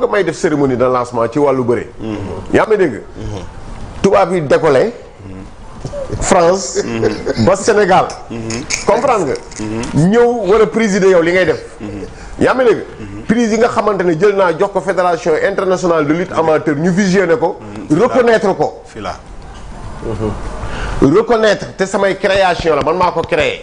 nga may def cérémonie de lancement ci wàllu bëre. yaa ngi dégg. tubaab yi décollé. France. ba Sénégal. comprendre nga. ñëw war a présider yow li ngay def. yaa dégg. prise yi nga xamante ne jël naa jox ko fédération internationale de lutte amateur ñu visionné ko. reconnaître ko. fila te samay création la man maa ko créé.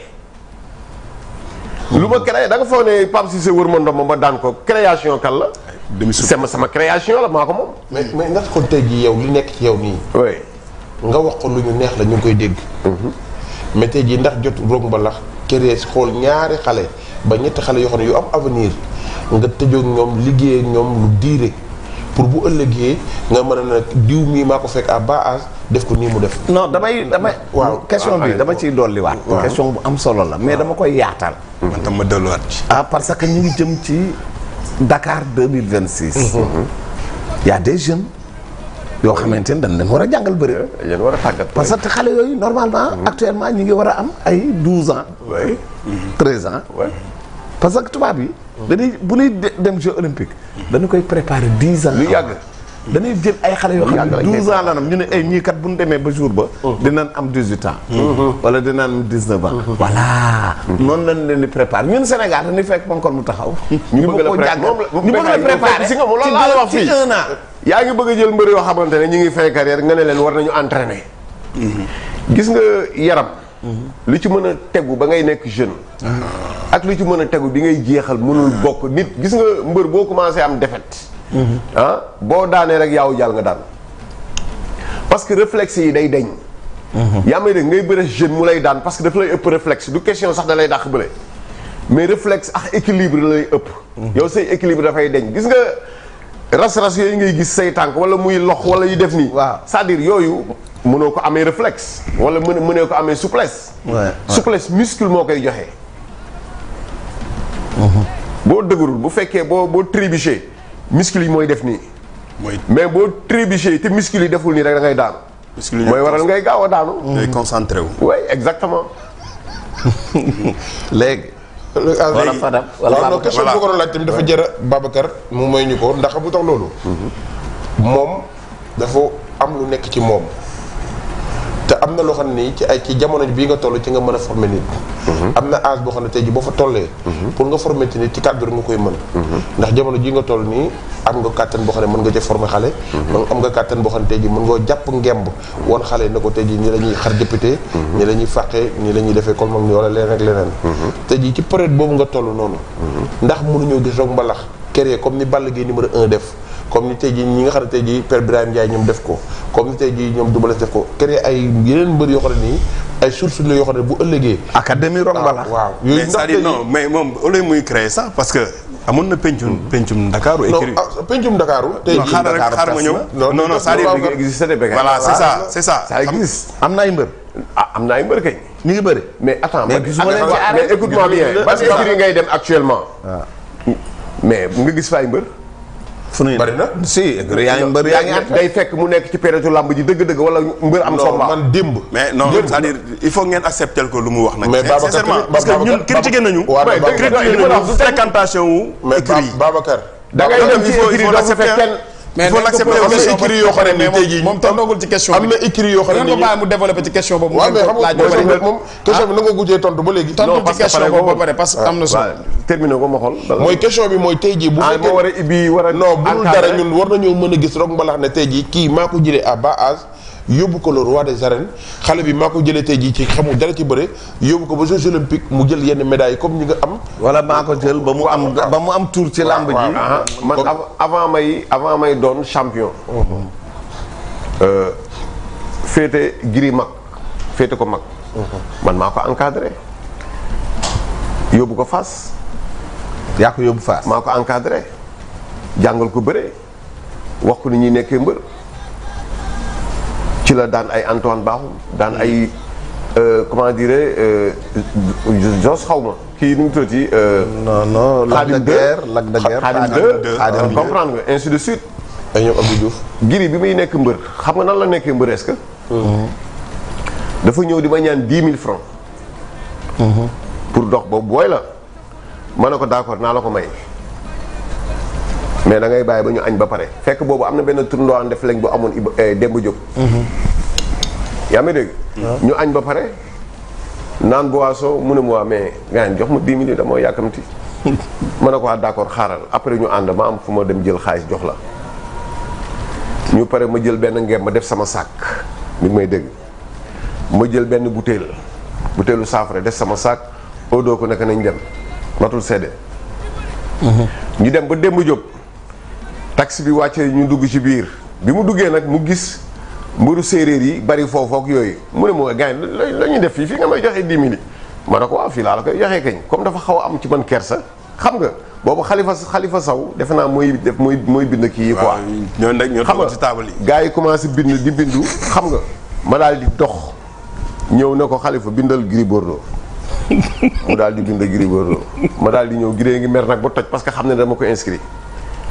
lu ma créé da nga foog ne Pape Cissé wër ma ndomba ma daan ko création kan la. demi sama sama création la maa ko moom. mais mais ndax kon tey jii yow li nekk ci yow nii. nga wax ko lu ñu neex la ñu koy dégg. Mm-hmm. mais tey jii ndax jot roog mbalax créer xool ñaari xale ba ñetti xale yoo xam ne yu am avenir nga tëjoog ñoom liggéey ñoom lu diire pour bu ëllëgee nga mën a nag diw mii maa ko fekk à bas âge def ko nii mu def. non damay damay. waaw question bi dama ciy dolliwaat. waaw question bu am solo la mais dama koy yaatal. man tam ma ah, parce que ñu ngi jëm ci. Dakar 2026. Mhm. y a des jeunes yoo xamante ne dañ leen war a jàngal bëri. leen war a tàggat parce que xale yooyu normalement. Mhm. actuellement ñu ngi war a am ay 12 ans. oui 13 parce que tubaab yi. Mhm. dañuy bu ñuy dem jeu olympique. dañu koy préparer 10 ans. lu yàgg. danay jël ay xale yoo xam ne 12 ans lanam ñu ne ay eh, ñii kat bu ñu demee ba jour ba. Mm. dinañ am 18 ans. Mm-hmm. Mm-hmm. wala dinañ am 19 ans. Mm-hmm. voilà noonu lañ leen di préparé ñun Sénégal dañuy fekk ponkol mu taxaw. ñu bëgg la préparé ñu bëgg la préparé yaa ngi bëgg a jël yoo xamante ne ñu ngi fay carrière nga ne leen war nañu entraîner. gis nga yaram. lu ci mën a tegu ba ngay nekk jeune. Ah. ak lu ci mën a tegu bi ngay jeexal mënul ah. bokk nit gis nga mbër boo commencé am défaite ah boo daanee rek yaaw jàll nga daan parce que réflexe yi day deñ mhm. yaa may dégg ngay bëre jeune mu lay daan parce que dafa lay ëpp réflexe du question sax da lay dàq bële mais réflexe ak équilibre lay ëpp mhm. yow say équilibre dafay deñ gis nga ras-ras yooyu ngay gis say tànk wala muy lox wala yu def nii waaw cest yooyu mënoo ko amee réflexe wala mën mënoo ko amee souplesse souplesse muscle moo koy joxe. Mhm. boo dëgërul bu fekkee boo boo trébuché muscle yi mooy def nii. mooy mais boo trébuché te muscle yi deful nii rek da ngay daanu. muscle yi mooy waral ngay gaaw a daanu. ngay concentré wu. oui exactement. léegi. wala Fadam wala Babacar question bu ko doon laaj tamit dafa jëra Babacar mu may ñu ko ndax bu tax loolu. Mhm. moom dafa am lu nekk ci moom. te am na loo xam ni ci ay ci jamono bii nga toll ci nga mën a former nit. Mhm. am na âge boo xam ne tey ji boo fa tollee. Mhm. pour nga former ci nit ci cadre nga koy mën. Mhm. ndax jamono jii nga toll nii am nga kàttan boo xam ne mën nga ca former xale. am nga kàttan boo xam ne tey ji mën nga jàpp ngemb. woon xale na ko tey ji nii la ñuy xar jëppitee. ñi la ñuy fàqee nii la defee comme mag ni wala leneen ak leneen. tey ji ci période boobu nga toll noonu. ndax mënuñoo gis rek mbalax créer comme ni Balla Gaye numéro 1 def. comme ni tey jii ñi nga xam ne tey ñoom def ko comme ni tey jii ñoom Double Less def ko créer ay yeneen mbër yoo ne nii ay sources la yoo xam ne bu ëllëgee. académie Rock Mbalakh ah, waaw mais moom au lieu muy créer ça parce que. amoon na pencum hmm. pencum Dakar. écrit ah, pencum Dakar. tey jii xaaral rek am na ay mbër. ah bëri mais attends mais gisuma leen ci arrêt mais que ngay dem actuellement. Ah. mais nga gis fa ay mbër. fu ne bari na si yaa yaa ngi day fekk mu nekk ci période làmb ji dëgg-dëgg wala mbër am combat man mais non il faut ngeen accepter ko lu mu wax nag mais sincèrement parce ñun critiqué nañu nañu fréquentation wu écrit yi Babacar da ngay dem ci écrit doo fa fekk kenn mais faut l'accepter am na écrit yoo xam ne tey jii moom tam nangul ci question am na écrit yoo xam ne ko moom question bi na nga tontu ba léegi tontu ci question boobu ba pare parce am na solo mooy question bi mooy tey jii bu ah, fekkee war a ibbi a bu dara ñun war nañoo mën a gis rek mbalax ne tey jii kii maa ko jëlee à bas yóbbu ko le roi des arènes xale bi maa ko jëlee tey jii ci xamu dara ci bëre yóbbu ko ba jeux olympiques mu jël yenn médailles comme ñi nga am. wala maa ko jël ba mu am ba mu am tour ci làmb ji man avant may avant may doon champion. Mhm. Euh, féete giri mag féete ko mag. Mhm. man maa ko encadré yóbbu ko fas. yaa ko yóbbu fas maa ko encadré jàngal ko bëre wax ko ni ñuy nekkee mbër. ci la daan ay Antoine Baaxum daan ay euh, comment dirais euh, Jos xaw ma kii nu mu tuddati. Euh, non non Lac de Guiers Lac de Guiers Xaadim 2 comprendre nga de suite. ay ñoom Abdou Diouf. giri bi muy nekk mbër xam nga nan la nekkee mbër est mm-hmm. dafa ñëw di ma ñaan dix mille francs mm-hmm. pour dox boobu booy la ma ne ko d'accord naa la ko may. mais da ngay bàyyi ba ñu añ ba pare fekk boobu am na benn tournoi def lañ bu amoon eh, Demba Diop. Mhm. yaa ngi dégg. ñu añ ba pare naan boisson mu ne ma waa mais gars jox ma 10 minutes dama ne ko ah xaaral après ñu ànd ma am fu ma dem jël xaalis jox la. ñu pare ma jël benn ngeem ma def sama sac mi may dégg ma jël benn butéel butéelu saafara def sama sac odoo ko naka nañ dem matul sedde mhm. ñu dem ba démb jóg. taxi bi wàccee ñu dugg ci biir bi mu duggee nag mu gis mburu séeréer yi bari foofu ak yooyu mu ne ma gars yi la ñuy def fii fii nga may joxe 10 mille ma ne ko waaw fii laa la koy joxee kañ comme dafa xaw a am ci man kersa xam nga boobu xalifa xalifa saw defe naa mooy def mooy mooy bind kii yi quoi. ñooñu nag ñoo toog ci table yi gars yi commencé bind di bindu xam nga ma daal di dox ñëw ne ko xalifa bindal Gris Bordeaux mu daal di bind Gris Bordeaux ma daal di ñëw Gris ngi mer nag ba toj parce que xam ne dama ko inscrit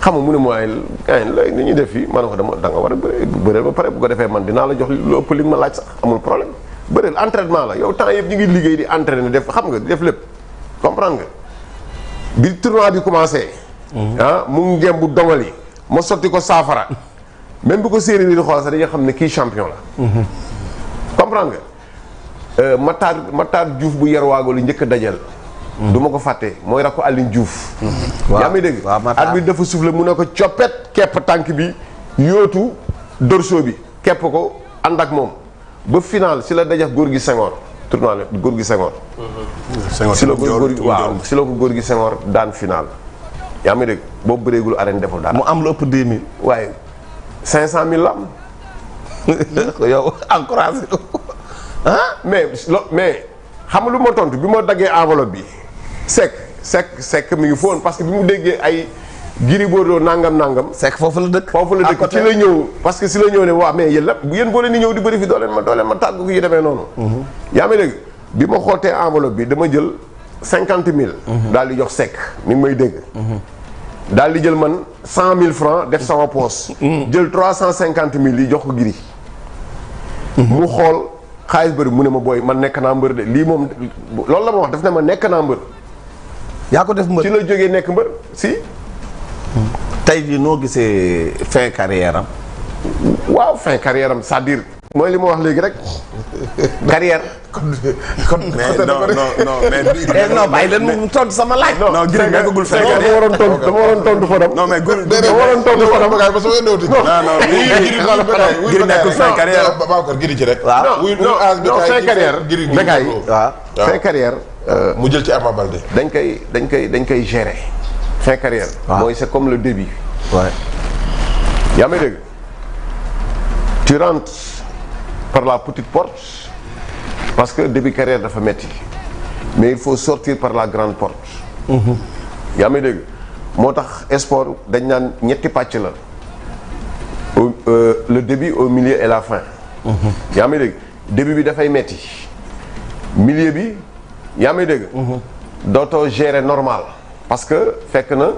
xam nga mu ne mooy gars ñuy def fii ma ne ko da nga a bëree bëreel ba bu ko defee man dinaa la jox lu ëpp li ma laaj sax amul problème bëreel la yow temps yëpp ñu ngi liggéey di entraîner def xam nga def lépp comprendre nga bi tournoi di commencé. Mhm. ah mu ngem bu dongal yi ma sotti ko saafara même bu ko séeréer yi di xool sax dañuy xam ne kii champion la. Mhm. comprendre nga euh, Matar Matar Diouf bu yarwaagoo lu njëkk a dajal. du ma ko fàtte mooy rakku Aline Diouf. waaw yaa ngi dégg. at bi dafa soufflé mu ne ko coppet kepp tànk bi yóotu dorso bi kepp ko ànd ak moom ba final si la dajax góor gi Senghor tournoi góor gi si la ko góor gi waaw si la ko góor gi Senghor daan final. yaa ngi dégg boo bëreegul arène deful dara. mu am lu ëpp 2000. waaye 500000 la yow encouragé mais lo mais xam nga lu ma tontu bi ma daggee enveloppe bi. Seck Seck Seck mi ngi foon parce que bi mu déggee ay Gris Bordeaux nangam nangam. Seck foofu la dëkk. foofu la dëkk ci la ñëw parce que si la ñëw ne waa mais yéen lépp yéen boo leen di ñëw di bëri fi dooleen ma dooleen ma tàggu yu demee noonu. Mm-hmm. yaa ngi dégg bi ma xootee enveloppe bi dama jël cinquante mille. Mm-hmm. daal di jox Seck mi may dégg. Mm-hmm. daal di jël man cent mille francs def sama poche. jël trois cent cinquante mille yi jox ko Gris. mu xool xaalis bëri mu ne ma booy man nekk naa lii moom loolu la ma wax daf ne ma nekk naa yaa ko def mbër ci la jógee nekk mbër si. tey jii noo gisee fin carrière am. waaw fin carrière am cest mooy li ma wax léegi rek carrière kon kon. mais non non mais. non bàyyi leen mu tontu sama laaj. non non Gris nekkagul Sénégal dama waroon tontu dama waroon tontu Fodam. non mais Gris dama waroon tontu Fodam. non non Gris nekkul fin carrière. Babacar Gris ci rek. waaw non non fin carrière. Gris Becaye waaw fin carrière. mu jël ci Ama Baldé. dañ koy dañ koy dañ koy gérer. fin carrière. mooy c'est comme le début. waay yaa may dégg. tu rentres par la petite porte. parce que début carrière dafa metti mais il faut sortir par la grande porte. Mm-hmm. yaa may dégg moo tax sport dañ naan ñetti pàcc la euh, le début au milieu et la fin. Mm-hmm. yaa may dégg début bi dafay metti milieu bi yaa may dégg. Mm-hmm. dootoo gérer normal parce que fekk na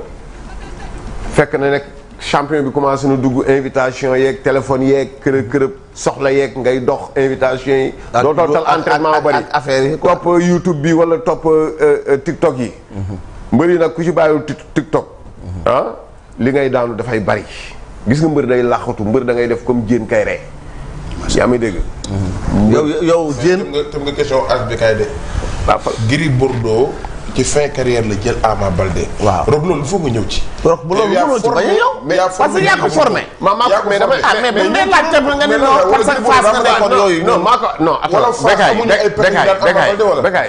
fekk na nekk. champion bi commencé na dugg invitation yeeg téléphone yeeg kërëb kërëb soxla yeeg ngay dox invitation yi. doo toog tal entraînement ba bari affaire yi topp YouTube bi wala topp euh, euh, TikTok yi. Mhm. mbër yi nag ku ci bàyyiwul TikTok. Mhm. ah li ngay daanu dafay bari. gis nga mbër day laxatu mbër da ngay def comme jéen kay ree yaa may dégg. Mhm. yow yow jéen. tëm nga question as bi kay de. Gris Bordeaux ci fin carrière la jël Ama Baldé. waaw rob loolu foo nga ñëw ci. rob bu loolu a yow. parce que yaa ko formé. maa maa ko formé ah mais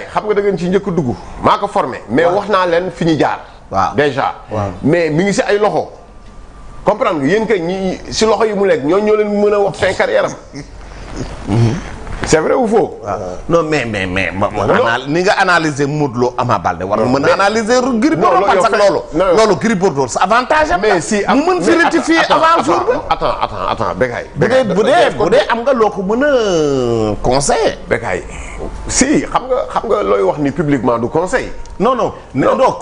xam nga da ci njëkk dugg. maa formé mais wax naa leen fi ñu jaar. waaw déjà. mais mi ngi si ay loxo. comprendre nga yéen kay ñi si loxo yi mu lekk ñoo ñoo leen mën a wax fin carrière am mhm. c'est vrai ou faux. Ah. non mais mais mais. ni nga analyser Modou Lo Ama Baldé war na mën a analyser Gris Bordeaux parce que loolu. sa avantage am mais si mu mën fi rectifier avant jour bi. bu dee bu dee am nga loo ko mën a conseiller si xam nga xam nga looy wax ni publiquement du conseil. non non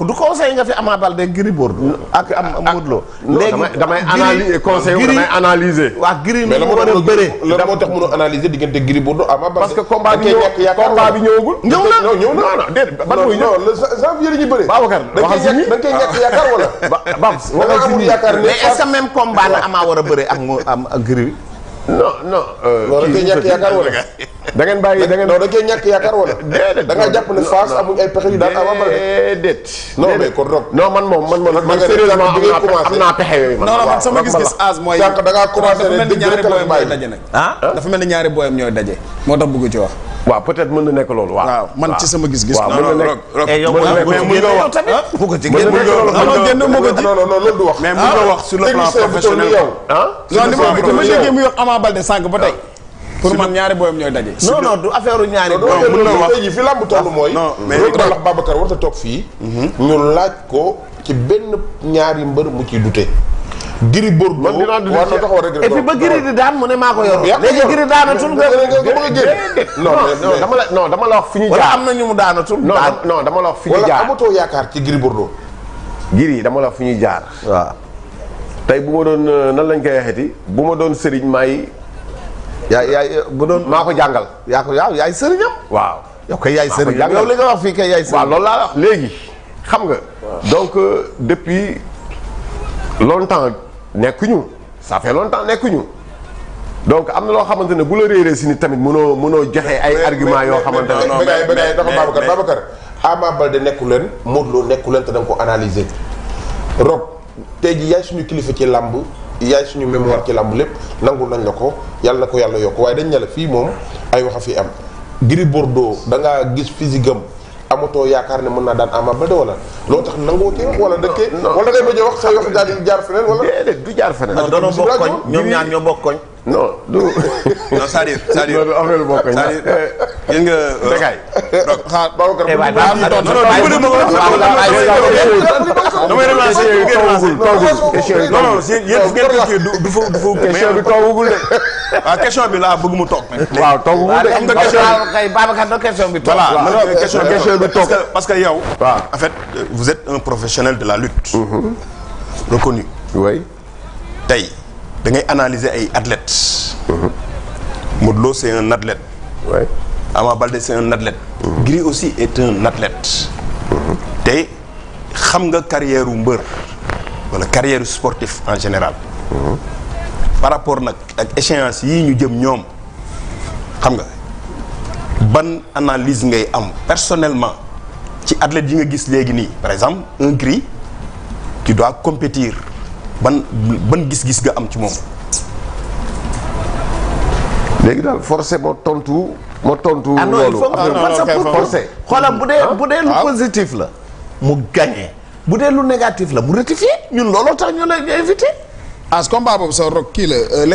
du conseil nga fi Ama Baldé Gris Bordeaux ak am ah, ah. Modou Lô. léegi damay damay analyser conseil damay analyser. waa Gris mu war a que combat bi ñëw combat bi ñëwagul. ñëw na ñëw na non non déedéet ban mooy nga koy yaakaar wala. mais est-ce que même combat la war a bëree ak Gris non non. Euh, loolu da ñàkk yaakaar wala. da ngeen bàyyi da ngeen. non da cee ñàkk yaakaar wala. déedéet da ngaa jàpp ne Fass amuñ ay pexe yu daan avant bala. déedéet. non mais kon donc. non man moom man man man sérieusement am naa pexe yooyu. man waaw man sama gis-gis as mooy. sànq da ngaa commencé ne dëgg rek la bàyyi dafa mel ni ñaari booyam ñooy daje nag. ah dafa mel ni ñaari booyam ñooy daje. moo tax bëgg ci wax. waaw peut-être mën na nekk loolu. waaw man ci sama gis-gis. waaw mën na nga eh, ah. ah? ma déggee muy wax Ama Baldé sànq ba tey. Ah. pour man ñaari booyam ñooy daje. non du affaire ñaari. non mën na wax tey jii fi làmb toll mooy. non mais loolu tax Babacar war a toog fii. Mhm. ñu laaj ko ci benn ñaari mbër mu ciy dute Gris Bordeaux man dinaa dund war ba Gris di daan mu ne maa ko yor. léegi Gris daanatul dama la non dama la ñu jaar am na ñu mu daanatul. non non dama la wax fi ñu jaar wala amatoo yaakaar ci Gris Bordeaux. dama la wax fi jaar. waaw tey bu ma doon euh, nan lañ koy waxeeti bu ma doon sëriñ maay. yaay yaay bu doon maa ko jàngal. yaa ko yaay sëriñam. waaw yow kay yaay sëriñam yow li nga wax fii kay loolu laa léegi xam nga donc euh, depuis longtemps nekkuñu ça fait longtemps nekkuñu donc am na loo xamante ne bu la réeree si ni tamit mënoo mënoo joxe ay argument yoo xamante ne bëggaay bëggaay dafa Babacar Babacar Ama Baldé nekku leen Modou Lo nekku leen te da nga ko analyser Rob tey ji yaay suñu kilifa ci làmb yaay suñu mémoire ci làmb lépp nangu nañ la ko yàlla ko yàlla yokk waaye dañ ne la fii moom ay wax a fi am Gris Bordeaux da ngaa gis physique am amatoo yaakaar ne mën naa daan Ama Baldé wala loo tax nangoo ci wala dëkkee wala da ngay bëgg a wax say wax daal jaar feneen wala du jaar feneen ñoom ñaar ñoo bokk koñ non du. non c'est-à-dire c'est-à-dire loolu am na lu bokk ñu. c'est-à-dire gis nga. Bécaye. donc xaar Babacar. eh waay Babacar non non non non question bi laa bëgg mu toog. waaw toogul de am nga question bi Babacar do question bi. voilà question bi toog parce que yow. waaw en fait vous êtes un professionnel de la lutte. reconnu. oui tey. da ngay analyser ay athlètes. Mhm. Modou Lo c'est un athlète. Ouais. Ama c'est un athlète. Mhm. Gris aussi et un athlète. Mhm. te xam nga carrière u mbër wala carrière sportif en général. par rapport nag ak échéance yi ñu jëm ñoom xam nga ban analyse ngay am personnellement ci athlètes yi nga gis léegi nii par exemple un Gris tu dois compétir. ban ban gis-gis nga am ci moom. léegi daal forcé moo tontu moo tontu. Ah, loolu forcé xoolal bu dee bu dee lu ah. positif la mu gagné bu dee lu négatif la mu rectifié ñun looloo tax ñu la invité. ah combat boobu sa rock euh,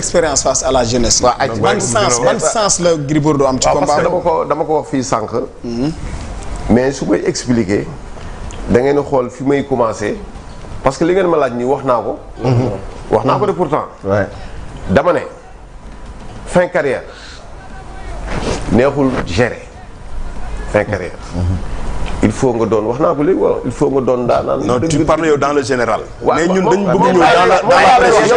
à la jeunesse. waaw ay ban sens ban sens la Gris am. ci combat dama ko dama ko fii sànq. Mhm. su may expliqué da ngeen xool fi may commencé. parce que li ngeen ma laaj nii wax naa ko. wax naa ko de pourtant. dama ne fin carrière neexul gérer fin carrière. Mm-hmm. il faut nga doon wax naa ko léegi wala il faut nga doon daanaan. non tu parles yow dans le général. mais ñun dañ bëgg ñëw dans la dans la précision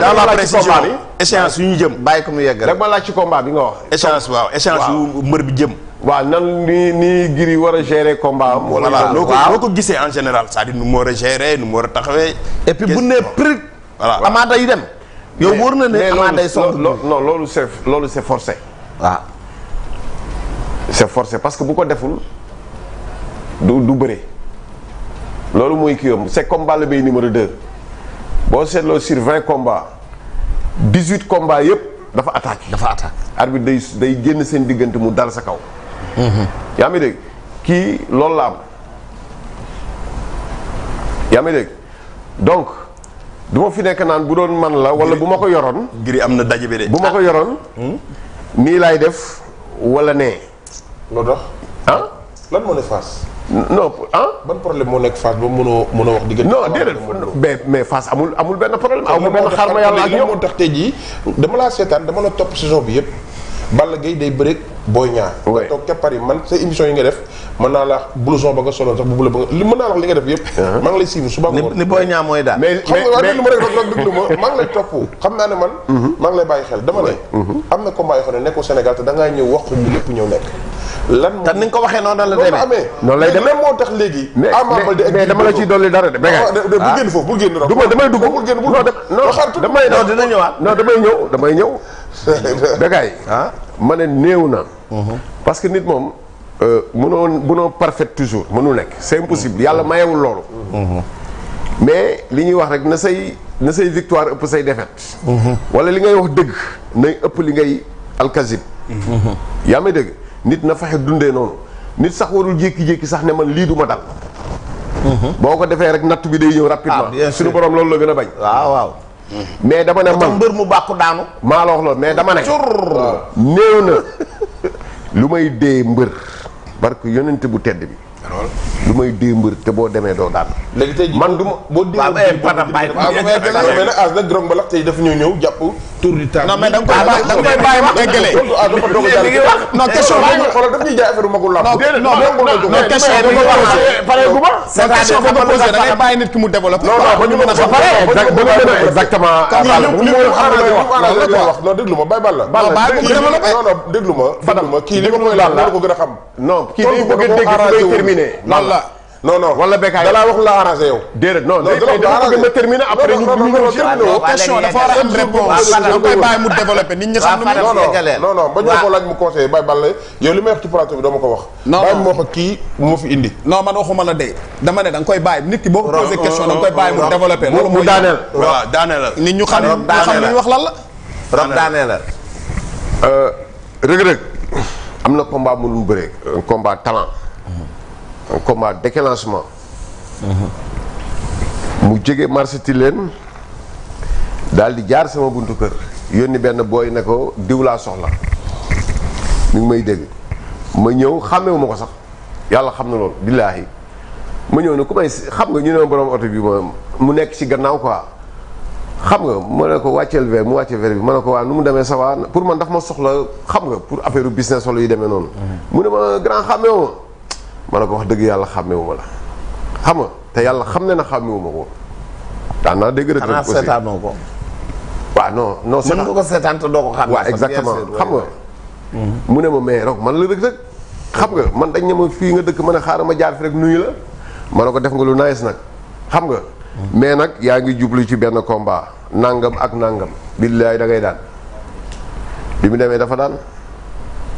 dans la précision échéance yu ñu jëm. bàyyi ko mu yegg rek ma laaj ci combat bi nga wax. échéance waaw échéance yu mbër bi jëm. waaw nan ni nii Gris war a gérer combat am. voilà noo ko gisee en général cest à nu mu war a gérer nu mu war a taxawee. et bu nee prix. voilà amaa day dem. yow wóor na ne amaa day sonn non loolu c'est loolu c'est forcé. parce que bu ko deful du du bëre loolu mooy kii yomb c'est combat la bay numéro 2 boo seetloo sur 20 combats 18 combats yépp dafa attaque. dafa attaque day day génn seen diggante mu dal sa kaw. Mm-hmm. yaa ngi dégg kii loolu la am yaa dégg donc du ma fi nekk naan bu doon man la wala bu ma ko yoroon. ngiri am na daje bi de. bu ma ko yoroon. Hmm? nii laay def walla nee. loo dox ah. lan moo ne Fass. non ah. ban problème moo nekk Fass ba mënoo mënoo wax diggante. non déedéet mais mais Fass amul amul benn problème. amul benn xaar ma yàlla ak yow moo tax tey jii dama laa seetaan dama la topp saison bi yëpp. Balla Gaye day bëreeg. Boy Niang nga toog keppar yi man sa émission yi nga def mën naa la blouson ba nga soloon sax bu bula ba nga li mën naa la li nga def yëpp uh-huh. maa ngi lay suivre suba ni Boy Niang mooy daal mais xam nga waa déglu ma rek rek déglu ma maa ngi lay topp xam naa ne man mhm. maa ngi lay bàyyi xel dama ne mhm. am na combat yoo xam ne nekkul Sénégal te da ngaa ñëw wax ko mu lépp ñëw nekk lan te ni nga ko waxee noonu la demee noonu lay demee moo tax léegi Ama Baldé mais dama la ciy dolli dara de béga ah, bu génn foofu bu génn ah. du ma damay dugg bu génn bu non damay non dina ñëwaat non damay ñëw damay ñëw bégaay ah ma ne néew na. parce que nit moom euh, mënoo mënoo parfait toujours mënul nekk c'est impossible yàlla mayewul loolu. mais li ñuy wax rek na say na say victoire ëpp say défaite. wala li ngay wax dëgg nay ëpp li ngay alkazib. yaa may dëgg nit na faxe dundee noonu nit sax warul jékki-jékki sax ne man lii du ma dal. Mhm. boo ko defee rek natt bi day ñëw rapidement. Ah, suñu borom loolu la gën a bañ. waaw waaw. mais dama ne man mbër mu bàkku daanu. maa wax loolu mais dama ne. néew na lu may dee mbër. barke yonent bu tedd bi. du may dee mbër te boo demee doo daan. léegi tey man du ma boo dee mbër waaw mais as nag Drogba la tey dafa ñëw ñëw jàpp. tour du temps non mais da nga ah, koy bàyyi da nga koy bàyyi wax dëggale. non question bi nga xoolal daf ñuy jaay affaire magul làmb. non non question bi nga posé pare gu ma. c'est question bi nga posé da ngay bàyyi nit ki mu développé. non non ba ñu mën a ba pare exactement. wax non déglu ma bàyyi bal la. bàyyi ko mu développé non non déglu ma. déglu ma kii li ma koy laal la ko gën a xam. non kii li ko gën a dégg terminé. lan la non wala béykat yi dalaa wax la arrangé yow. déedéet non non dama bëgg ma terminé après ñu ñu question dafa a am réponse koy bàyyi mu développé nit ñi xam ne non non non ba ko laaj mu conseillé Baye wax ci plateau ko wax. non bàyyi moo ko indi. non man waxuma la de dama ne koy bàyyi nit ki boo da nga koy bàyyi mu développé. loolu mu daaneel waaw daaneel la. nit ñu xam ñu xam li ñu wax lan la. rob daaneel la. Euh, Reug Reug am na combat mënul bëree combat talent un combat déclenchement. mu jóge marché Tilène daal di jaar sama buntu kër yónni benn booy ne ko diw laa soxla mi ngi may dégg ma ñëw xàmmewu ma ko sax yàlla xam na loolu billaahi ma ñëw ne ku may xam nga ñu ne ma borom oto bi ma mu nekk ci gannaaw quoi xam nga mu ne ko wàcceel verre mu wàcce verre bi ma ne ko waa nu mu demee ça pour man daf ma soxla xam nga pour affaire business wala yu demee noonu. Mhm. mu ne ma grand xàmmewu ma ne ko wax dëgg yàlla xàmmewuma la xam nga te yàlla xam ne na xàmmewuma ko daan naa dégg rek xanaa seetaanoo ko waaw non xam nga mu ne ma mais rek man la rek nga man dañ ne ma fii nga dëkk mën a xaaral ma jaar fi rek nuyu la ma ne ko def nga lu nice nag xam nga mais nag yaa ngi jublu ci benn combat nangam ak nangam billaay da ngay daan bi mu demee dafa daan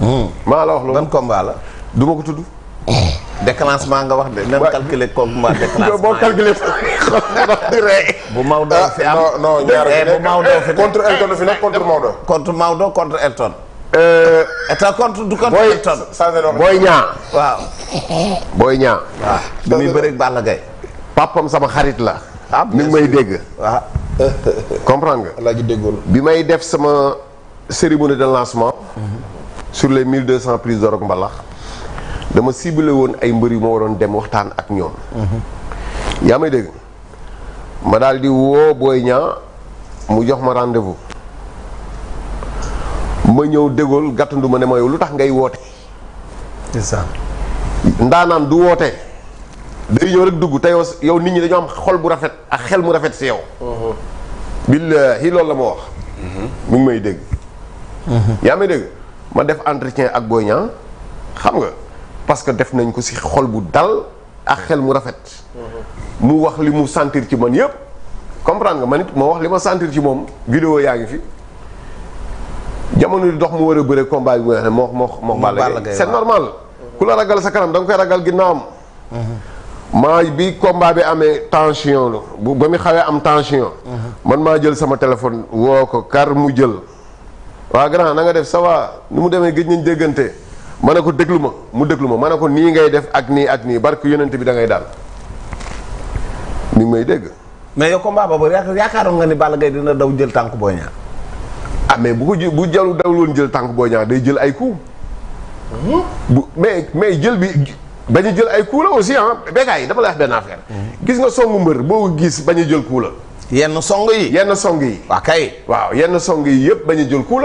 hmm. maa la wax loolu ban combat la du ma ko tudd déclenchement nga wax de nan calculer koog ma déclenchement boo calculer xool di rey. bu Maodo ah, fi am non non eh, ñaar bu Maodo fi contre Elton fi nekk contre Maodo. contre Maodo contre Elton. Elton euh, contre du contre Elton. booy ñaa waaw. booy ñaa ah, waaw bi muy bëri Balla Gaye papam sama xarit la. ah mi ngi may dégg. waaw. Ah. comprendre nga. alaaji déggoon bi may def sama cérémonie de lancement. sur les mille deux cent prises d'or ak mbalax. dama ciblé woon ay mbër yu ma waroon dem waxtaan ak ñoom. yaa may dégg ma daal di woo Boy Niang mu jox ma rendez-vous ma ñëw dégool gàttandu ma ne ma yow lu tax ngay woote. ndaanaan du woote day ñëw rek dugg te yow nit ñi dañoo am xol bu rafet ak xel mu rafet si yow. billaahi loolu la ma wax. mu mhm. ngi may dégg. Mhm. yaa may dégg ma def entretien ak Boy Niang xam nga. parce que def nañ ko si xol bu dal ak xel mu rafet mu wax li mu sentir ci man yëpp comprendre nga man it moo wax li ma sentir ci moom vidéo yaa ngi fi jamono di dox mu war a bëre combat bi nga nga koy ragal ginnaawam bi combat bi amee tension ba mu xawee am tension man maa jël sama téléphone woo ko kar mu jël waa grand na def ça nu mu demee gëj nañ déggante ma ne ko déglu ma mu déglu ma ma ne ko nii ngay def ak nii ak nii barke yonent bi da ngay daal ni may dégg. mais yow combat yaakaar yaakaaroon nga ni Balla Gaye dina daw jël tànk boo Niang. ah mais bu ko jël bu jalu daw loon jël tànk boo Niang day jël ay coups. Mhm. bu mais mais jël bi bañ jël ay coups la aussi ah béykat yi dafa la wax benn affaire. Mhm. gis nga songu mbër boo gis bañ a jël coup la. yenn song yi yenn song yi. waaw kay waaw yenn song yi yëpp bañ jël coup